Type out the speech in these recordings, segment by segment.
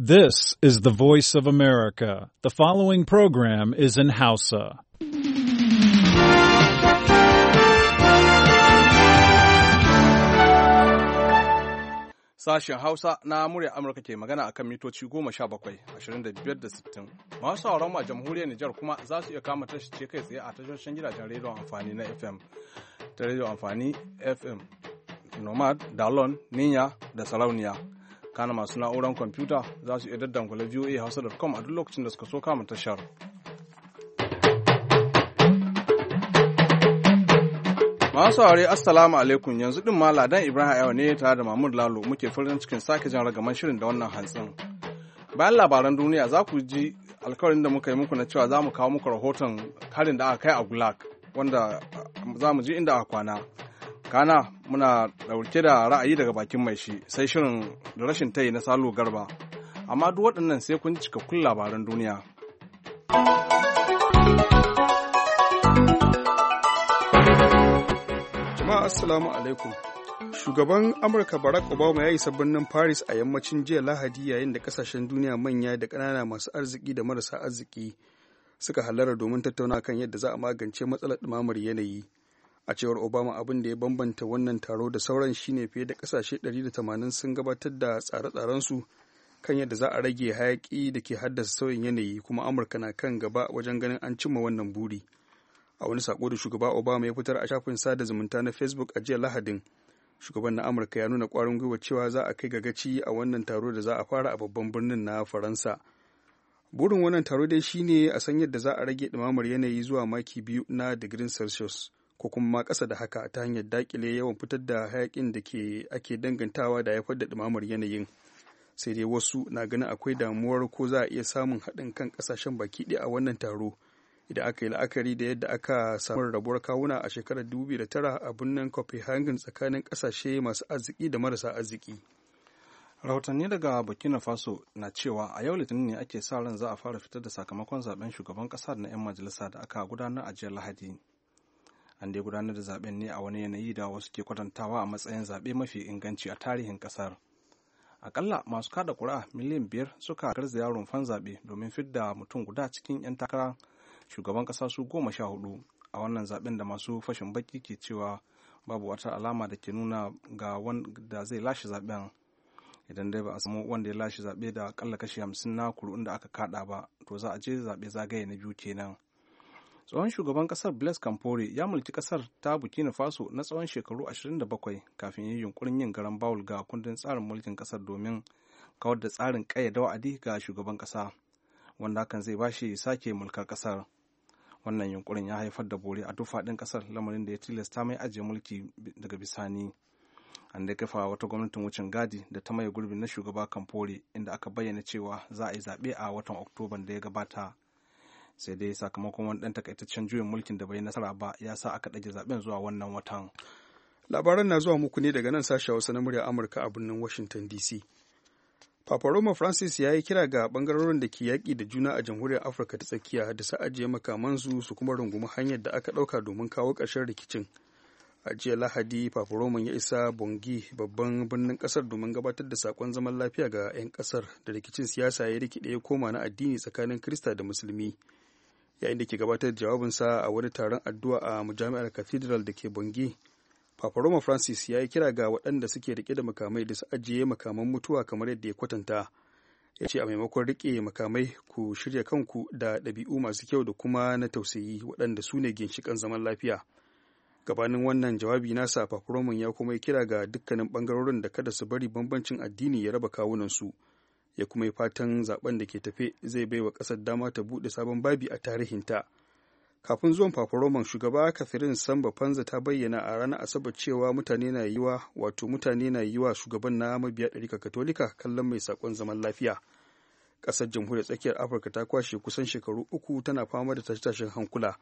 This is the voice of America. The following program is in Hausa. Sashen Hausa na murya Amurka ke magana akan mitoci goma sha bakwai, ashirin da biyar da sittin. Masu sauran a jamhuriyar Nijar kuma za su iya kama tashi ce kai tsaye a tashoshin gidajen rediyon amfani na FM, ta rediyon amfani FM, Nomad, Dalon, Ninya da Sarauniya. kana masu na'uran kwamfuta za su iya daddan voa hausa.com a duk lokacin da suka so kama tashar. Masu saurari assalamu alaikum yanzu din ma ladan Ibrahim Ayo ne tare da Mahmud Lalo muke farin cikin sake jan ragaman shirin da wannan hantsin. Bayan labaran duniya za ku ji alkawarin da muka yi muku na cewa za mu kawo muku rahoton karin da aka kai a Gulag wanda za mu ji inda aka kwana. kana muna ɗauke da ra'ayi daga bakin mai shi sai shirin da rashin tayi na salo garba amma duk waɗannan sai kun kun labaran duniya jama'a assalamu alaikum shugaban amurka barack obama ya isa birnin paris a yammacin jiya lahadi yayin da kasashen duniya manya da ƙanana masu arziki da marasa arziki suka halara domin tattauna kan yadda za a magance matsalar ɗumamar yanayi a cewar obama abin da ya bambanta wannan taro da sauran shine fiye da kasashe 180 sun gabatar da tsare-tsarensu kan yadda za a rage hayaki da ke haddasa sauyin yanayi kuma amurka na kan gaba wajen ganin an cimma wannan buri a wani sako da shugaba obama ya fitar a shafin sada zumunta na facebook a jiya lahadin shugaban na amurka ya nuna kwarin gwiwa cewa za a kai gagaci a wannan taro da za a fara a babban birnin na faransa burin wannan taro dai shine a san yadda za a rage ɗumamar yanayi zuwa maki biyu na digirin celsius ko kuma ma ƙasa da haka ta hanyar dakile yawan fitar da hayakin da ke ake dangantawa da haifar da ɗumamar yanayin sai dai wasu na ganin akwai damuwar ko za a iya samun haɗin kan ƙasashen baki ɗaya a wannan taro idan aka yi la'akari da yadda aka samu rabuwar kawuna a shekarar 2009 a birnin copenhagen tsakanin ƙasashe masu arziki da marasa arziki rahotanni daga burkina faso na cewa a yau litinin ne ake sa ran za a fara fitar da sakamakon zaben shugaban ƙasa da na 'yan majalisa da aka gudanar a jiya lahadi an dai gudanar da zaben ne a wani yanayi da wasu ke kwatantawa a matsayin zaɓe mafi inganci a tarihin ƙasar akalla masu kada ƙura miliyan biyar suka garzaya rumfan zaɓe domin fidda mutum guda cikin 'yan takara shugaban ƙasa su goma sha hudu a wannan zaɓen da masu fashin baki ke cewa babu wata alama da ke nuna ga wanda zai lashe zaɓen idan dai ba a samu wanda ya lashe zaɓe da akalla kashi hamsin na kuri'un da aka kaɗa ba to za a je zaɓe zagaye na biyu kenan tsohon shugaban kasar blaise campore ya mulki kasar ta burkina faso na tsawon shekaru 27 kafin yi yunkurin yin garan bawul ga kundin tsarin mulkin kasar domin kawar da tsarin kayyada wa'adi ga shugaban kasa wanda hakan zai bashi sake mulkar kasar wannan yunkurin ya haifar da bore a duk faɗin kasar lamarin da ya tilasta mai ajiye mulki daga bisani an da kafa wata gwamnatin wucin gadi da ta maye gurbin na shugaba kamfore inda aka bayyana cewa za a yi zaɓe a watan oktoban da ya gabata sai dai sakamakon wani ɗan takaitaccen juyin mulkin da bai nasara ba ya sa aka ɗage zaben zuwa wannan watan labaran na zuwa muku ne daga nan sashen hausa na murya amurka a birnin washington dc Papa Francis ya yi kira ga bangarorin da ke yaƙi da juna a jamhuriyar Afirka ta tsakiya da su ajiye makamansu su kuma rungumi hanyar da aka ɗauka domin kawo ƙarshen rikicin. A jiya Lahadi, Papa ya isa Bongi babban birnin ƙasar domin gabatar da saƙon zaman lafiya ga 'yan ƙasar da rikicin siyasa ya rikide ya koma na addini tsakanin krista da Musulmi. yayin da ke gabatar da jawabinsa a wani taron addu'a a majami'ar cathedral da ke bangi papa roma francis ya yi kira ga waɗanda suke rike da makamai da su ajiye makaman mutuwa kamar yadda ya kwatanta ya ce a maimakon rike makamai ku shirya kanku da ɗabi'u masu kyau da kuma na tausayi waɗanda su ne ginshiƙan zaman lafiya gabanin wannan jawabi nasa papa roman ya kuma yi kira ga dukkanin ɓangarorin da kada su bari bambancin addini ya raba kawunansu su ya kuma yi fatan zaben da ke tafe zai bai wa ƙasar dama ta buɗe sabon babi a tarihinta kafin zuwan fafaroman shugaba kafirin samba fanza ta bayyana a ranar asabar cewa mutane na yiwa wato mutane na yiwa shugaban na mabiya ɗarika katolika kallon mai saƙon zaman lafiya ƙasar jamhuriyar tsakiyar afirka ta kwashe kusan shekaru uku tana fama da tashe-tashen hankula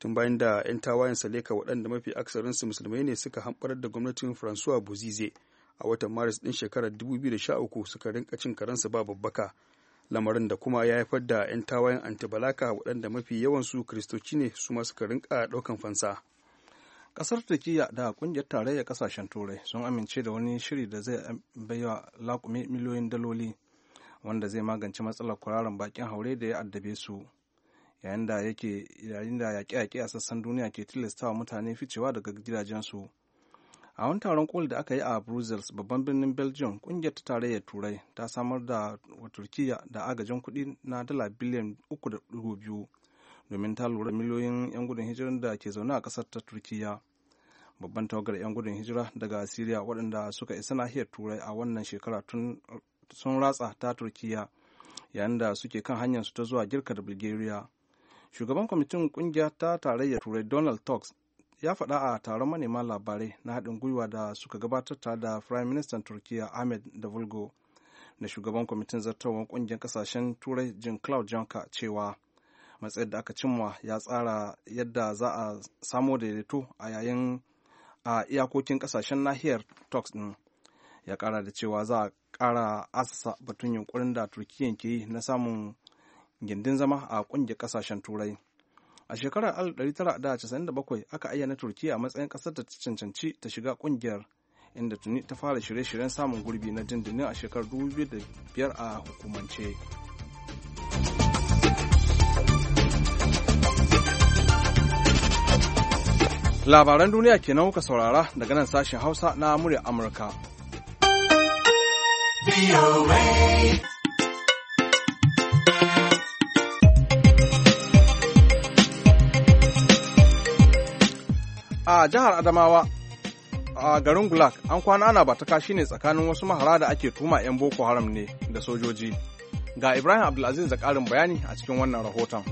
tun bayan da 'yan tawayen saleka waɗanda mafi aksarinsu musulmai ne suka hamɓar da gwamnatin francois bozize a watan maris din shekarar 2013 suka rinka cin karansa ba babbaka lamarin da kuma ya haifar da 'yan tawayen antibalaka waɗanda mafi yawansu kiristoci ne su ma suka rinka ɗaukan fansa ƙasar turkiya da ƙungiyar tarayyar ƙasashen turai sun amince da wani shiri da zai baiwa lakumi miliyoyin daloli wanda zai magance matsalar kwararan bakin haure da ya addabe su yayin da yaƙe-yaƙe a sassan duniya ke tilastawa mutane ficewa daga gidajensu a wani taron koli da aka yi a brussels babban birnin belgium kungiyar ta tarayyar turai ta samar da wa turkiya da agajin kuɗi na dala biliyan 3.2 domin ta lura miliyoyin 'yan gudun hijira da ke zaune a ƙasar ta turkiya babban tawagar 'yan gudun hijira daga syria waɗanda suka isa nahiyar turai a wannan shekara sun ratsa ta turkiya yayin da suke kan hanyarsu ta zuwa girka da bulgaria shugaban kwamitin kungiya ta tarayyar turai donald tusk ya faɗa a taron manema labarai na haɗin gwiwa da suka gabatar tare da Prime Minister Turkiyya Ahmed Davulgo da shugaban kwamitin zartarwar ƙungiyar ƙasashen Turai jin Claude Juncker cewa matsayar da aka cimma ya tsara yadda za a samo daidaito a yayin a iyakokin ƙasashen nahiyar Turks ɗin. Ya kara da cewa za a ƙara asasa batun yunkurin da Turkiyya ke yi na samun gindin zama a ƙungiyar ƙasashen Turai. a shekarar 1997 aka ayyana turkiya a matsayin ƙasar da ta cancanci ta shiga ƙungiyar inda tuni ta fara shirye-shiryen samun gurbi na dindindin a shekarar 2005 a hukumance labaran duniya kenan kuka saurara daga nan sashen hausa na murya amurka a jihar adamawa a garin gulag an kwana ana ba ta kashi ne tsakanin wasu mahara da ake tuma 'yan boko haram ne da sojoji ga ibrahim abdulaziz da ƙarin bayani a cikin wannan rahoton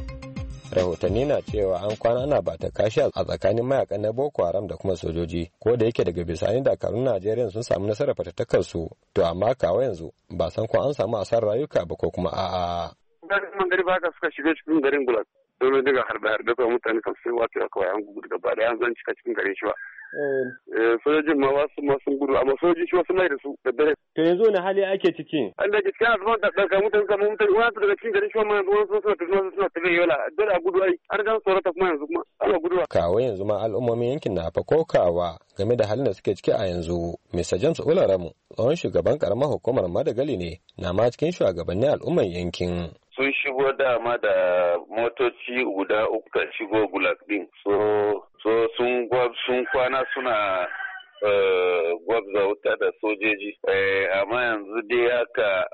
rahotanni na cewa an kwana ana ba ta kashi a tsakanin mayakan na boko haram da kuma sojoji ko da yake daga bisani dakarun najeriya sun samu nasarar fatattakarsu to amma kawo yanzu ba san ko an samu asar rayuka ba ko kuma a'a garin suka shiga cikin garin gulag sauran daga harbe-harbe kawai mutane kan sai wato ya kawai an gudu gaba da an zan cika cikin gare shi ba. Eh. Eh, sojojin ma wasu ma sun gudu amma sojojin shi wasu mai da su da dare. to yanzu wani hali ake ciki. an da gaskiya a zaman da ɗanka mutane kan mutane wani su daga cikin gare shi ma yanzu wani suna tafiya suna tafiya yola dole a gudu ai an gan tsorata kuma yanzu kuma ana guduwa. kawo yanzu ma al'ummomin yankin na fa kokawa game da halin da suke ciki a yanzu. Mr. James Ularamu tsohon shugaban karamar hukumar Madagali ne na ma cikin shugabannin al'ummar yankin. sun shigo dama da motoci guda uku ta shigo gulag din so sun sun kwana suna eh, gwabza wuta da sojoji eh, amma yanzu dai haka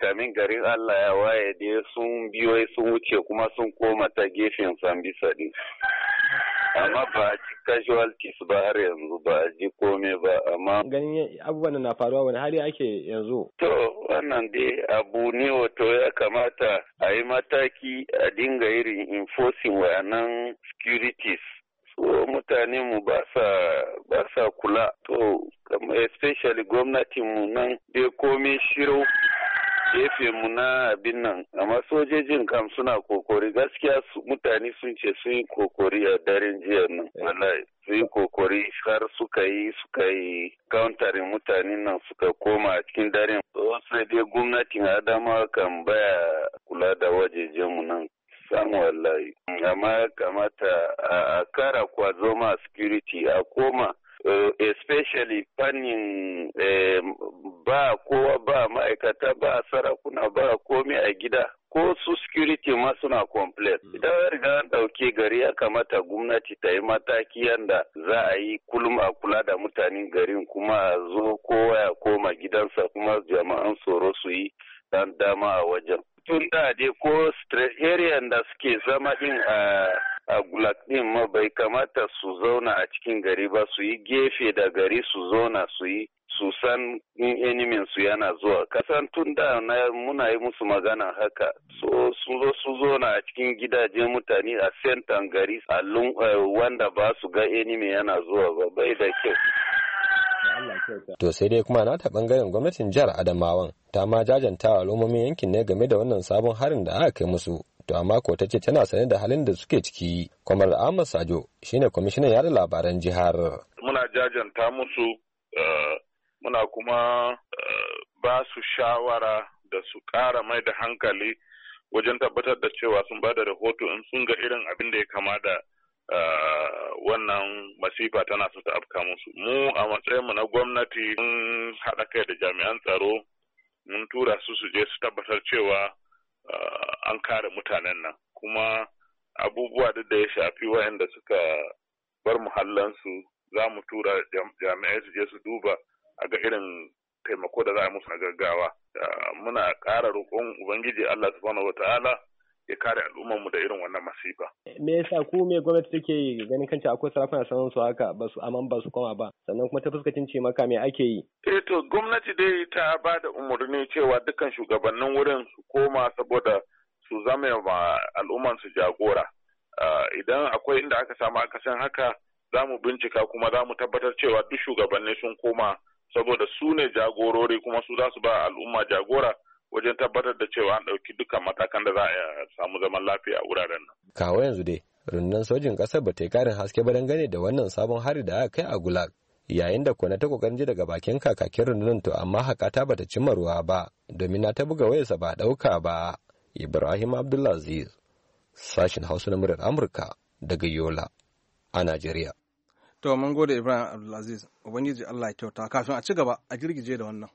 tamin eh, garin Allah ya waye dai sun biyo sun wuce kuma sun koma ta gefen sambisa din amma ba a ci casualties ba har yanzu ba a ji kome ba amma ganin abubuwan na faruwa wani hali ake yanzu to wannan dai abu ne wato ya kamata a yi mataki a dinga irin enforcing wayannan securities so mutane mu ba sa kula to especially gwamnatin mu nan dai komai shiru. jefe mu na abin nan amma sojojin kam suna kokori gaskiya mutane sun ce sun yi kokori a daren jiya nan wallahi sun yi kokori har suka yi suka yi kauntarin mutanen nan suka koma a cikin daren sai dai gwamnatin adama kan baya kula da wajejen mu nan san wallahi amma kamata a kara kwazo ma security a koma Eh, especially fannin eh, ba kowa ba ma'aikata ba sarakuna ba komai a gida ko su security ma suna complain hmm. idan ya riga an ɗauke gari ya kamata gwamnati ta yi mataki yanda za a yi kullum a kula da mutanen garin kuma a zo kowa ya koma gidansa kuma jama'an tsoro su yi dan dama a wajen dai ko area da suke zama ɗin a a gulag ɗin ma bai kamata su zauna a cikin gari ba su yi gefe da gari su zauna su yi su san in enimin su yana zuwa kasan tun da na muna yi musu magana haka so sun zo su zauna a cikin gidaje mutane a sentan gari a eh, wanda ba su ga enimi yana zuwa ba bai da kyau To sai dai kuma nata bangaren gwamnatin jihar Adamawan ta ma jajanta al'ummomin yankin ne game da wannan sabon harin da aka kai musu. To amma ko ta ce tana sane da halin da suke ciki. Kwamar Ahmad Sajo shine kwamishinan yada labaran jihar. Muna jajanta musu eh, muna kuma eh, ba su shawara da su kara mai da hankali wajen tabbatar da cewa sun ba da rahoto in sun ga irin abin da ya kama da Eh, wannan masifa tana so ta afka musu mu a matsayin mu na gwamnati mun haɗa kai da jami'an tsaro mun tura su su je su tabbatar cewa eh, an kare mutanen nan kuma abubuwa duk da ya shafi waɗanda suka bar muhallansu za mu tura jami'ai su je su duba a ga irin taimako da za a musu na gaggawa eh, muna ƙara roƙon ubangiji allah subhanahu wa ta'ala ya kare al'ummar mu da irin wannan masifa. Me yasa ku me gwamnati take yi ganin kanci akwai sarakuna sanin su haka ba su aman ba su koma ba sannan kuma ta fuskacin ce maka me ake yi? Eh to gwamnati dai ta ba da umarni cewa dukkan shugabannin wurin su koma saboda su zama ma al'ummar su jagora. Ah, idan akwai inda aka samu akasin haka za mu bincika kuma za mu tabbatar cewa duk shugabanni sun koma saboda su ne jagorori kuma su za su ba al'umma jagora wajen tabbatar da cewa an ɗauki dukkan matakan da za a samu zaman lafiya a wuraren nan. Kawo yanzu dai, rundunar sojin ƙasar ba ta yi ƙarin haske ba dangane da wannan sabon hari da aka kai a Gulag. Yayin da kuna ta kokarin ji daga bakin kakakin rundunar to amma haƙata bata cimma ruwa ba, domin na ta buga wayarsa ba ɗauka ba. Ibrahim Abdulaziz, sashin Hausa na murar Amurka daga Yola a Najeriya. To, mun gode Ibrahim Abdulaziz, Ubangiji Allah ya kyauta kafin a ci gaba a girgije da wannan.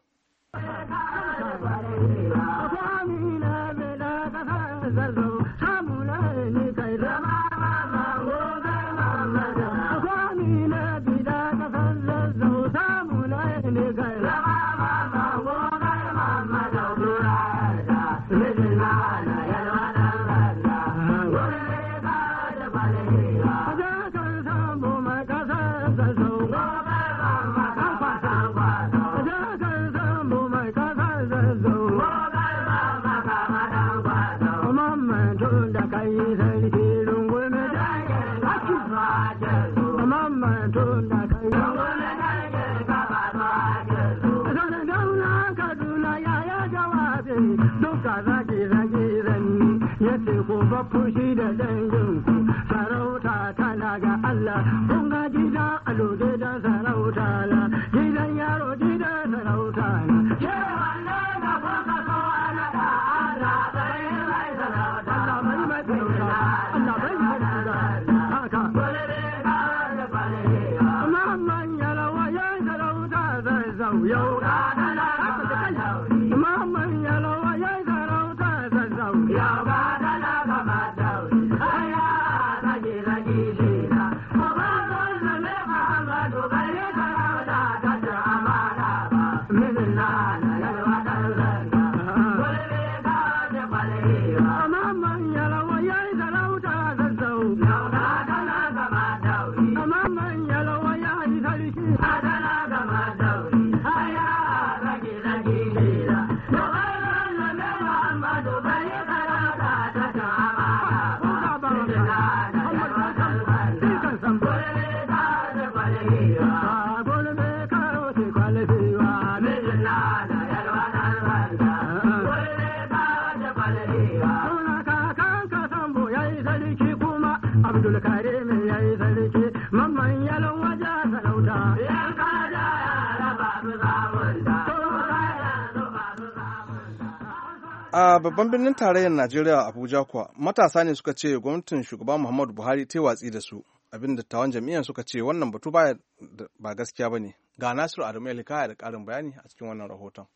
A babban birnin tarayyar Najeriya Abuja kuwa matasa ne suka ce gwamnatin shugaba Muhammadu Buhari ta watsi da su abin dattawan jam'iyyar suka ce wannan batu ba gaskiya ba ne. Ga Nasiru Adamu Elika da ƙarin bayani a cikin wannan rahoton.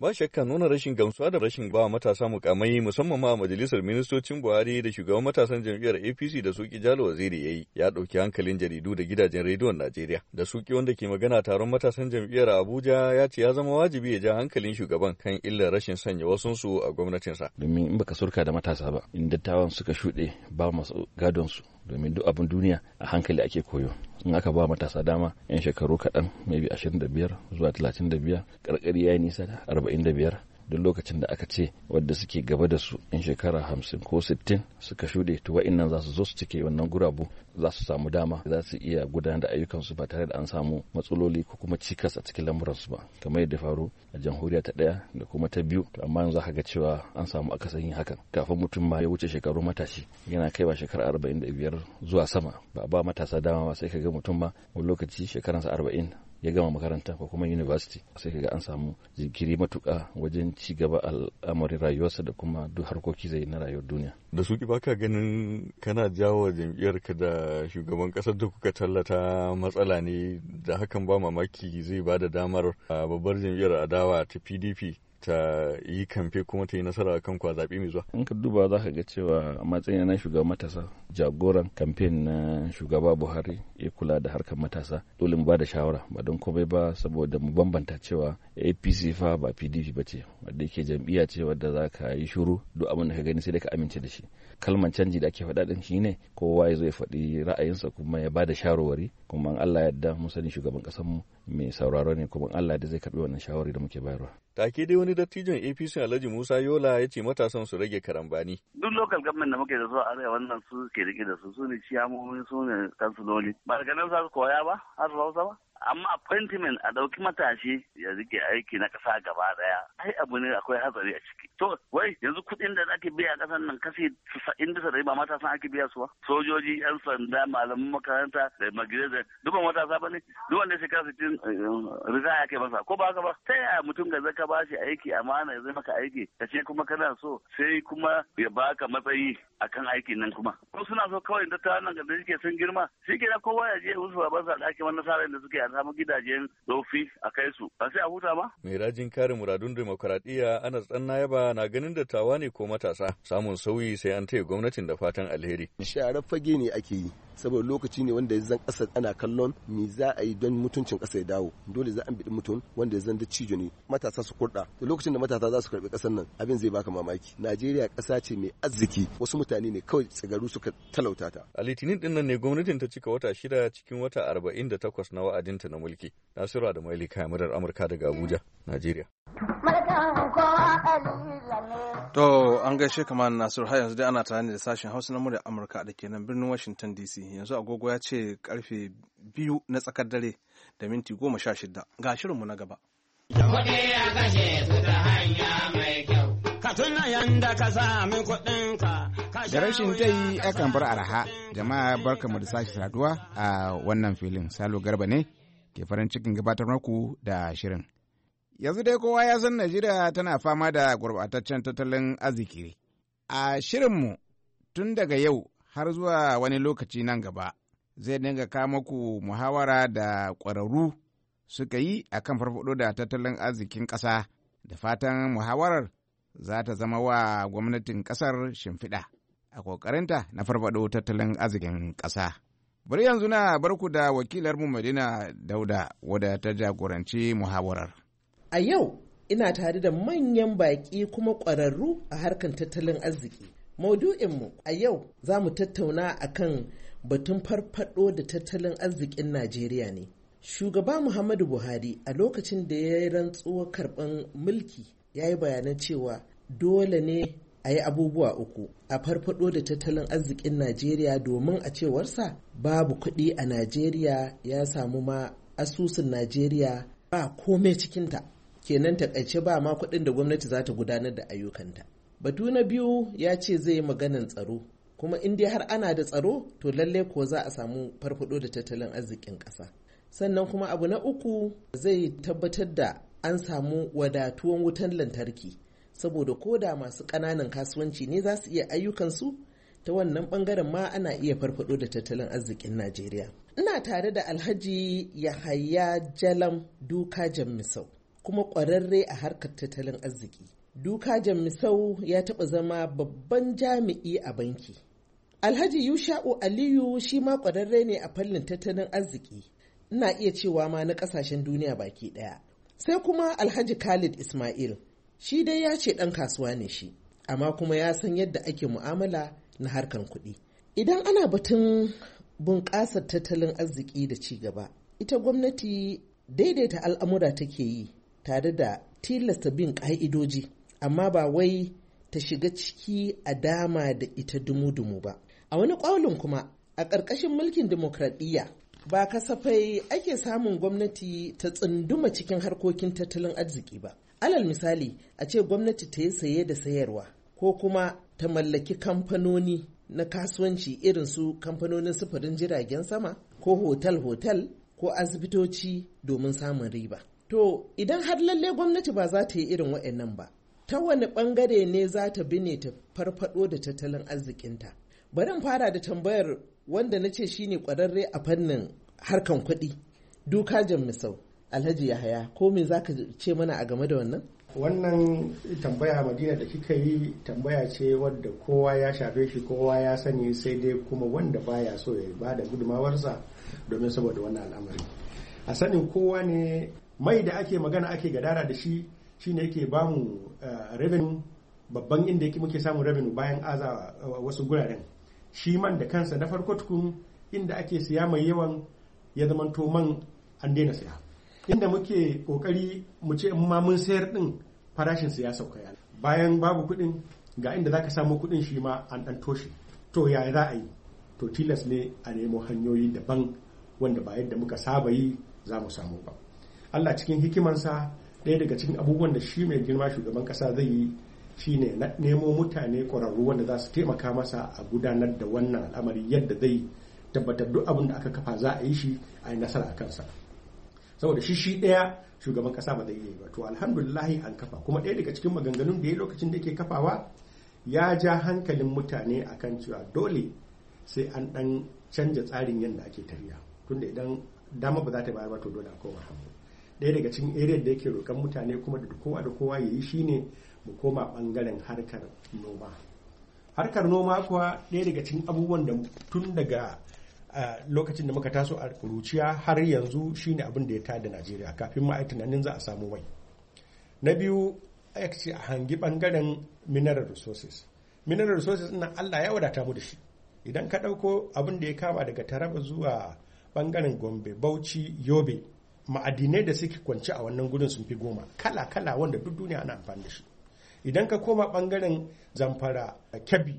Ba shakka nuna rashin gamsuwa da rashin ba matasa mukamai musamman ma a majalisar ministocin Buhari da shugaban matasan jam'iyyar APC da suki Jalo Waziri ya yi ya ɗauki hankalin jaridu da gidajen rediyon Najeriya. Da suki wanda ke magana taron matasan jam'iyyar Abuja ya ce ya zama wajibi ya ja hankalin shugaban kan illar rashin sanya wasunsu a gwamnatinsa. Domin in baka surka da matasa ba, in dattawan suka shuɗe ba masu gadonsu domin duk abin duniya a hankali ake koyo. in aka ba matasa dama yan shekaru kaɗan maybe 25 zuwa 35 karkari ya yi nisa da 45 duk lokacin da aka ce wadda suke gaba da su in shekara hamsin ko sittin suka shuɗe to wa'innan za su zo su cike wannan gurabu za su samu dama za su iya gudanar da ayyukansu ba tare da an samu matsaloli ko kuma cikas a cikin lamuransu ba kamar yadda faru a jamhuriya ta ɗaya da kuma ta biyu to amma yanzu za ga cewa an samu sanyi hakan kafin mutum ma ya wuce shekaru matashi yana kai kaiwa shekara arba'in da biyar zuwa sama ba a ba matasa dama ba sai ka ga mutum ma wani lokaci shekaransa arba'in ya gama makaranta ko kuma university sai kaga an samu jinkiri matuƙa wajen ci gaba al'amarin rayuwarsa da kuma duk harkoki zai na rayuwar duniya da suki baka ganin kana jawo jam'iyyarka da shugaban kasar da kuka tallata matsala ne da hakan ba mamaki zai ba da damar babbar jam'iyyar adawa ta pdp ta yi kamfe kuma ta yi nasara kan kwa zaɓe mai zuwa. In ka duba za ka ga cewa a matsayin na shugaban matasa jagoran kamfen na shugaba Buhari ya kula da harkar matasa dole mu ba da shawara ba don komai ba saboda mu bambanta cewa APC fa ba PDP ba ce wadda yake jam'iyya ce wadda za ka yi shuru duk abin da ka gani sai da ka amince da shi. Kalman canji da ake faɗa ɗin shi ne kowa ya zo ya faɗi ra'ayinsa kuma ya ba da shawarwari kuma Allah yadda mu sani shugaban ƙasarmu mai sauraro ne kuma Allah da zai karɓi wannan shawarwari da muke bayarwa. Take dai wani wani dattijon APC Alhaji Musa Yola ya ce matasan su rage karambani. Duk Lokal government da muke da su a arewa wannan su ke rike da su su ne ciyamomi su ne kansu loli. Ba daga nan za su koya ba har su hausa ba. amma appointment a dauki matashi ya rike aiki na ƙasa gaba ɗaya ai abu ne akwai hatsari a ciki to wai yanzu kuɗin da ake biya a ƙasar nan kashi sa'in da ba matasa ake biya su sojoji yan sanda malaman makaranta da magireza duk ba matasa ba ne duk wanda shekara sittin ya eh, ke masa ko ba haka ba ta yaya mutum ga ka ba shi aiki amana ya zai maka aiki ka ce kuma kana so sai kuma ya baka matsayi akan aikin nan kuma ko suna so kawai da ta nan ga da suke sun girma shi ke kowa ya je wasu ba sa ɗaki wani nasarar da suke a a samu gidajen sofi a kai su ba sai a huta ba. Mai rajin kare muradun demokuraɗiyya ana tsanna Yaba na ganin da tawa ne ko matasa samun sauyi sai an taya gwamnatin da fatan alheri. Sharar fage ne ake yi saboda lokaci ne wanda zan ƙasa ana kallon me za a yi don mutuncin ƙasa ya dawo dole za a bi mutum wanda zan da cijo ne matasa su kurɗa da lokacin da matasa za su karɓi ƙasar nan abin zai baka mamaki Najeriya ƙasa ce mai arziki wasu mutane ne kawai tsigaru suka talauta ta. A litinin ɗin nan ne gwamnatin ta cika wata shida cikin wata arba'in da takwas na wa'adin tsarinta na mulki. Nasiru da Ali murar Amurka daga Abuja, Najeriya. To an gaishe kamar Nasiru har yanzu dai ana tare da sashen Hausa na murar Amurka da ke nan birnin Washington DC. Yanzu agogo ya ce karfe biyu na tsakar dare da minti goma sha shida. Ga shirinmu na gaba. a su da rashin ta yi akan bar araha jama'a barkamu da sashi saduwa a wannan filin salo garba ne ke farin cikin gabatar maku da shirin. Yanzu dai kowa ya san Najeriya tana fama da gurbataccen tattalin arziki. A shirinmu tun daga yau har zuwa wani lokaci nan gaba zai dinga kawo maku muhawara da ƙwararru suka yi a kan farfaɗo da tattalin arzikin ƙasa da fatan muhawarar za ta zama wa gwamnatin ƙasar shimfiɗa a ƙoƙarinta na farfaɗo tattalin arzikin ƙasa. Bari yanzu na barku da wakilarmu Madina Dauda wadda ta jagoranci muhawarar. A yau ina tare da manyan baƙi kuma ƙwararru a harkar tattalin arziki. Maudu'inmu a yau za mu tattauna a kan batun farfado da tattalin arzikin Najeriya ne. Shugaba Muhammadu Buhari a lokacin da ya yi rantsuwa karɓar mulki ya yi bayanan cewa dole ne a yi abubuwa uku a farfado da tattalin arzikin najeriya domin a cewarsa babu kuɗi a najeriya ya samu ma asusun najeriya ba komai cikinta kenan takaice ba ma kuɗin da gwamnati za ta gudanar da ayyukanta batu na biyu ya ce zai yi maganan tsaro kuma in dai har ana da tsaro to lallai ko za a samu farfado da tattalin arzikin ƙasa sannan kuma abu na uku zai tabbatar da an samu wadatuwan wutan lantarki saboda ko da masu ƙananan kasuwanci ne za su iya ayyukansu ta wannan bangaren ma ana iya farfado da tattalin arzikin najeriya ina tare da alhaji yahaya jalam duka jammisau kuma ƙwararre a harkar tattalin arziki duka jammisau ya taɓa zama babban jami'i a banki alhaji yusha'u aliyu shi ma ƙwararre ne a fannin tattalin arziki ina iya cewa ma na ƙasashen duniya baki ɗaya sai kuma alhaji khalid ismail shi dai ya ce ɗan kasuwa ne shi amma kuma ya san yadda ake mu'amala na harkar kuɗi idan ana batun bunƙasar tattalin arziki da ci gaba ita gwamnati daidaita al'amura take yi tare da tilasta bin ƙa'idoji amma ba wai ta shiga ciki a dama da ita dumu-dumu ba a wani ƙwalin kuma a ƙarƙashin mulkin demokradiyya ba kasafai ake samun gwamnati ta tsunduma cikin harkokin tattalin arziki ba alal misali a ce gwamnati ta yi saye da sayarwa ko kuma ta mallaki kamfanoni na kasuwanci irin su kamfanonin sufurin jiragen sama ko hotel-hotel ko asibitoci domin samun riba. To idan har lalle gwamnati ba za ta yi irin waɗannan ba, ta wani ɓangare ne za ta bi ne ta farfaɗo da tattalin arzikinta. Bari fara da tambayar wanda na ce shine ƙwararre a fannin harkan kuɗi, duka jan misau. alhaji yahaya ko me za ka ce mana a game da wannan wannan tambaya madina da kika yi tambaya ce wadda kowa ya shafe shi kowa ya sani sai dai kuma wanda baya so ya ba da gudumawarsa domin saboda wannan al'amari a sanin kowa ne mai da ake magana ake gadara da shi shine yake bamu eh, revenue babban inda yake muke samun revenue bayan aza eh, wasu guraren shi man da kansa na farko tukun inda ake siya mai yawan ya zamanto man an daina siya Inda muke kokari mu ce in ma mun sayar din farashin su ya sauka ya bayan babu kuɗin ga inda zaka samu kuɗin shi ma an dan toshe to ya za a yi to tilas ne a nemo hanyoyi daban wanda ba yadda muka saba yi za mu samu ba Allah cikin hikimansa ɗaya daga cikin abubuwan da shi mai girma shugaban ƙasa zai yi shine nemo mutane ƙwararru wanda za su taimaka masa a gudanar da wannan al'amari yadda zai tabbatar duk abin da aka kafa za a yi shi a yi nasara a kansa saboda shi shi ɗaya shugaban ƙasa ba zai iya yi ba to alhamdulillahi an kafa kuma ɗaya daga cikin maganganun da ya lokacin da yake kafawa ya ja hankalin mutane a kan cewa dole sai an ɗan canja tsarin yadda ake tafiya tunda idan dama ba za ta bayar ba to dole a koma hannu ɗaya daga cikin area da yake roƙan mutane kuma da kowa da kowa ya yi shine mu koma ɓangaren harkar noma harkar noma kuwa ɗaya daga cikin abubuwan da tun daga lokacin da muka taso a kuruciya har yanzu shine abin da ya tada najeriya kafin ma tunanin za a samu wai. na biyu a ce a hangi bangaren mineral resources mineral resources ina allah ya wadata mu da shi idan ka ɗauko abin da ya kama daga taraba zuwa bangaren gombe bauchi yobe ma'adinai da suke kwanci a wannan gudun sun fi goma kala kala wanda duk duniya ana amfani da shi idan ka koma bangaren zamfara kebbi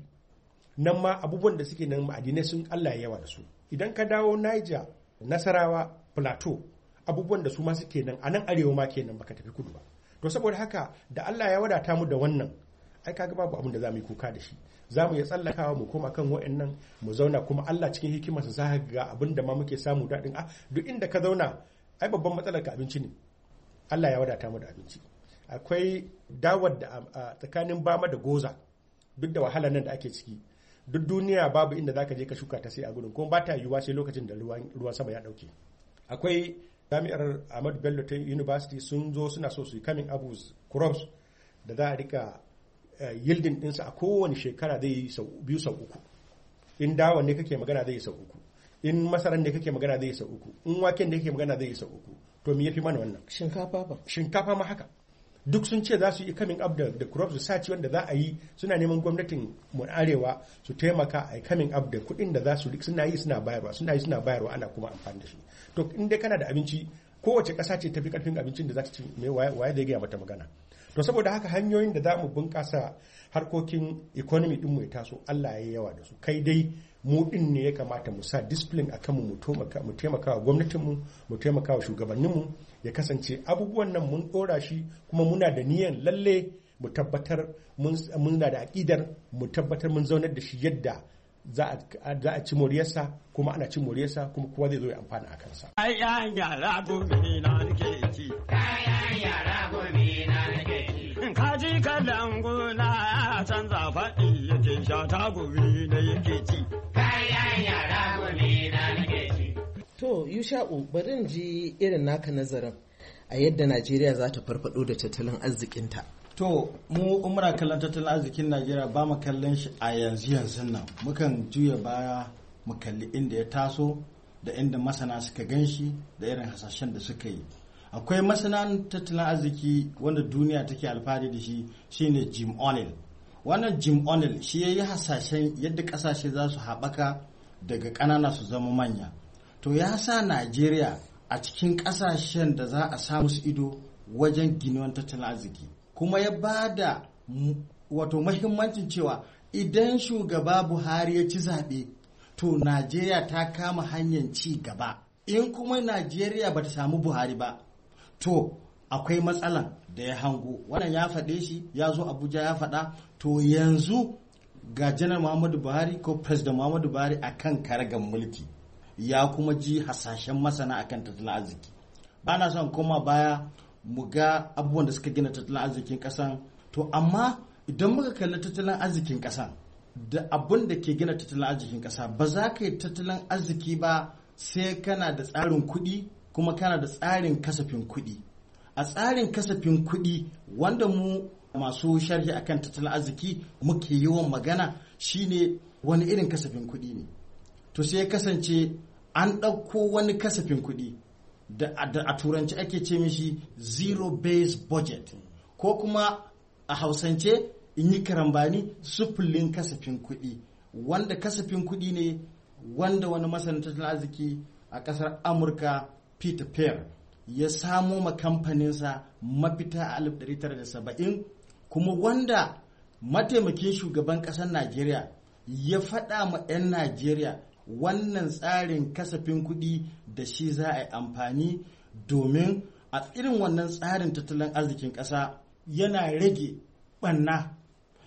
nan ma abubuwan da suke nan ma'adinai sun allah yawa da su idan ka dawo niger nasarawa plateau abubuwan da su ma suke nan a nan arewa ma kenan baka tafi kudu ba to saboda haka da allah ya wadata mu da wannan ai kaga babu abin da za mu yi kuka da shi za mu iya tsallakawa mu koma kan wa'annan mu zauna kuma allah cikin hikimarsa za ka ga abin da ma muke samu daɗin a duk inda ka zauna ai babban matsalar ka abinci ne allah ya wadata mu da abinci akwai dawar da tsakanin bama da goza duk da wahalar nan da ake ciki duk duniya babu inda zaka je ka shuka ta sai a gurin kuma ba ta yiwuwa sai lokacin da ruwan sama ya dauke akwai jami'ar Ahmadu Bello ta University sun zo suna so su yi coming up crops da za a rika eh, yildin dinsa a kowane shekara zai yi biyu sau uku in dawon ne kake magana zai yi sau uku in masaran ne kake magana zai yi sau uku in waken ne kake magana zai yi sau uku to me yafi mana wannan shinkafa ba shinkafa ma haka duk sun ce za su yi coming up da crop research wanda za a yi suna neman gwamnatin mu arewa su taimaka a coming up da kuɗin da za su suna yi suna bayarwa suna yi suna bayarwa ana kuma amfani da shi to in dai kana da abinci kowace ƙasa ce tafi karfin abincin da za ta ci mai waye zai gaya mata magana to saboda haka hanyoyin da za mu bunƙasa harkokin economy din mu ya taso Allah ya yawa da su kai dai mu din ne ya kamata mu sa discipline akan mu mu taimaka wa gwamnatin mu mu taimaka wa shugabannin mu ya kasance abubuwan nan mun ɗora shi kuma muna da niyan lalle mu tabbatar muna da aƙidar mu tabbatar mun zaunar da shi yadda za a ci moriyarsa kuma ana ci moriyarsa kuma kowa zai zo ya amfana a kansa. Kayan yara canza faɗi yake shata. yusha'u bari ji irin naka nazarin a yadda najeriya za ta farfado da tattalin arzikinta to mu umara kallon tattalin arzikin najeriya ba mu kallon shi a yanzu yanzu nan mukan juya baya mu kalli inda ya taso da inda masana suka gan shi da irin hasashen da suka yi akwai masanan tattalin arziki wanda duniya take alfahari da shi shine jim o'neill wannan jim o'neill shi ya yi hasashen yadda ƙasashe za su haɓaka daga ƙanana su zama manya to ya sa najeriya a cikin ƙasashen da za a samu su ido wajen ginuwan tattalin arziki kuma ya ba da wato mahimmancin cewa idan shugaba buhari ya ci zaɓe to najeriya ta kama hanyar ci gaba in kuma najeriya ba ta samu buhari ba to akwai matsalan da ya hango wannan ya faɗe shi ya zo abuja ya faɗa to yanzu ga janar muhammadu buhari ko president muhammadu buhari a kan karagar mulki ya kuma ji hasashen masana akan tattalin arziki ba na son koma baya mu ga abubuwan da suka gina tattalin arzikin kasan to amma idan muka kalli tattalin arzikin kasan da abun da ke gina tattalin arzikin kasa ba za ka yi tattalin arziki ba sai kana da tsarin kuɗi kuma kana da tsarin kasafin kuɗi a tsarin kasafin kuɗi wanda mu masu sharhi akan tattalin arziki muke yawan magana shine wani irin kasafin kuɗi ne to sai ya kasance an ɗauko wani kasafin kuɗi da a turanci ake ce mishi zero base budget ko kuma a hausance in yi karambani sufulin kasafin kuɗi wanda kasafin kuɗi ne wanda wani masanin tattalin arziki a ƙasar amurka peter pear ya samo ma kamfaninsa mafita a 1970 kuma wanda mataimakin shugaban ƙasar najeriya ya faɗa ma 'yan najeriya wannan tsarin kasafin kuɗi da shi za a yi amfani domin a irin wannan tsarin tattalin arzikin ƙasa yana rage ɓanna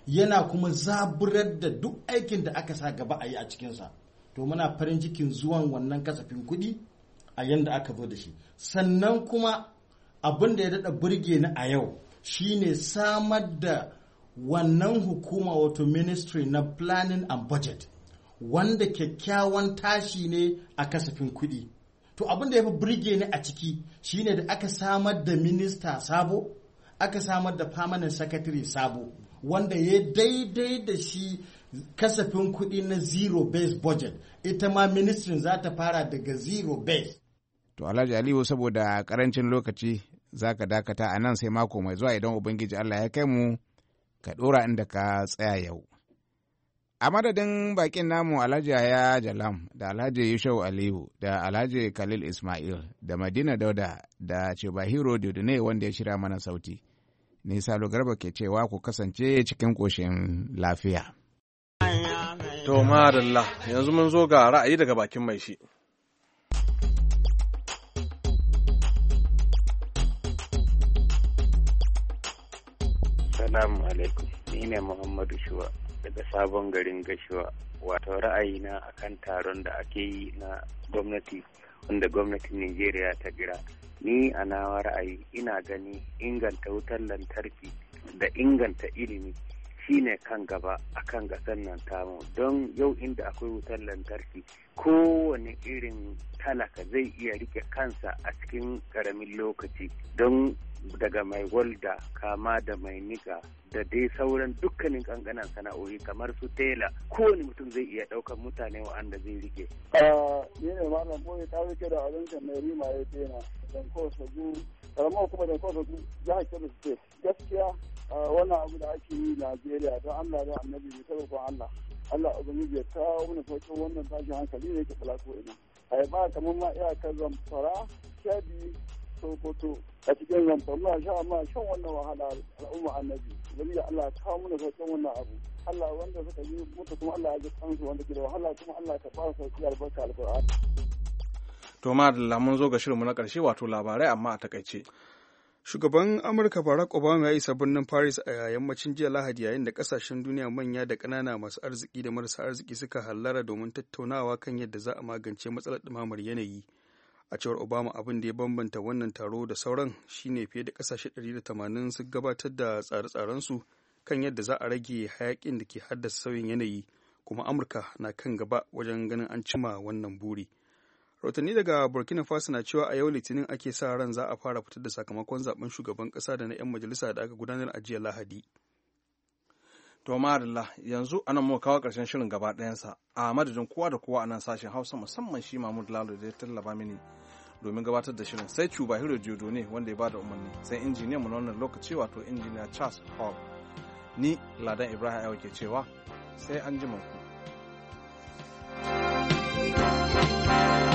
yana kuma zaburar da duk aikin da aka sa gaba a yi a cikinsa to muna farin cikin zuwan wannan kasafin kuɗi a yadda aka zo da shi sannan kuma abin da ya daɗa burge ni a yau shine samar da wannan hukuma wato ministry na planning and budget wanda kyakkyawan tashi ne a kasafin kuɗi to abin da ya fi birge ni a ciki shine da aka samar da minista sabo aka samar da permanent secretary sabo wanda ya daidai da shi kasafin kuɗi na zero base budget ita ma ministrin za ta fara daga zero base to alhaji aliyu saboda karancin lokaci za ka dakata a nan sai mako mai zuwa idan ubangiji allah ya kai mu ka ɗora inda ka tsaya yau A madadin bakin namu Alhaji Haya Jalam da Alhaji Yushau Aliyu da Alhaji Khalil Ismail da Madina Dauda da Cebahiro Dudune wanda ya shirya mana sauti. Ni Salo Garba ke cewa ku kasance cikin koshin lafiya. To madalla yanzu mun zo ga ra'ayi daga bakin mai shi. Salamu alaikum, ni ne Muhammadu Shuwa. daga sabon garin gashiwa wato ra'ayina akan taron da ake yi na gwamnati wanda gwamnatin nigeria ta jira. Ni a nawa ra'ayi ina gani inganta wutar lantarki da inganta ilimi shine kan gaba akan gasar nan tamu don yau inda akwai wutar lantarki kowane irin talaka zai iya rike kansa a cikin karamin lokaci don daga mai walda kama da mai niƙa da dai sauran dukkanin kankanan sana'o'i kamar su tela kowane mutum zai iya ɗaukar mutane wa'anda zai rike. ni ne malam boye ta rike da abincin mai rima ya tena don kowa su karamar kuma kowa su gaskiya wannan abu da ake yi najeriya don allah da annabi ne sabakon allah allah ubangiji ya kawo mana sauƙin wannan tashin hankali ne ke falato ina a ba kamar ma iyakar zamfara shabi sokoto a cikin zamfara a sha shan wannan wahala al'umma annabi wani da Allah kawo mana sauƙin wannan abu Allah wanda suka yi mutu kuma Allah ya ji kansu wanda ke da wahala kuma Allah ta fara sauƙi albarka alƙur'ani. To ma da mun zo ga shirinmu na ƙarshe wato labarai amma a takaice. Shugaban Amurka Barack Obama ya isa birnin Paris a yammacin jiya Lahadi yayin da kasashen duniya manya da ƙanana masu arziki da marasa arziki suka hallara domin tattaunawa kan yadda za a magance matsalar ɗumamar yanayi. a cewar obama abin da ya bambanta wannan taro da sauran shine fiye da kasashe 180 sun gabatar da tsare-tsarensu kan yadda za a rage hayakin da ke haddasa sauyin yanayi kuma amurka na kan gaba wajen ganin an cima wannan buri rautanni daga burkina faso na cewa a yau litinin ake sa ran za a fara fitar da sakamakon zaben shugaban kasa da na 'yan majalisa da aka gudanar a jiya lahadi To Marilla, yanzu anan muka kawo ƙarshen shirin gaba ɗayansa a madadin kowa da kowa a nan sashen Hausa musamman shi Mahmud Lalo da ya tallaba mini domin gabatar da shirin sai Cuba Hiro Jodo ne wanda ya bada umarni sai injiniyan mu na wannan lokaci wato injiniya Charles Hall. Ni Ladan Ibrahim Ayo ke cewa sai an ji ku.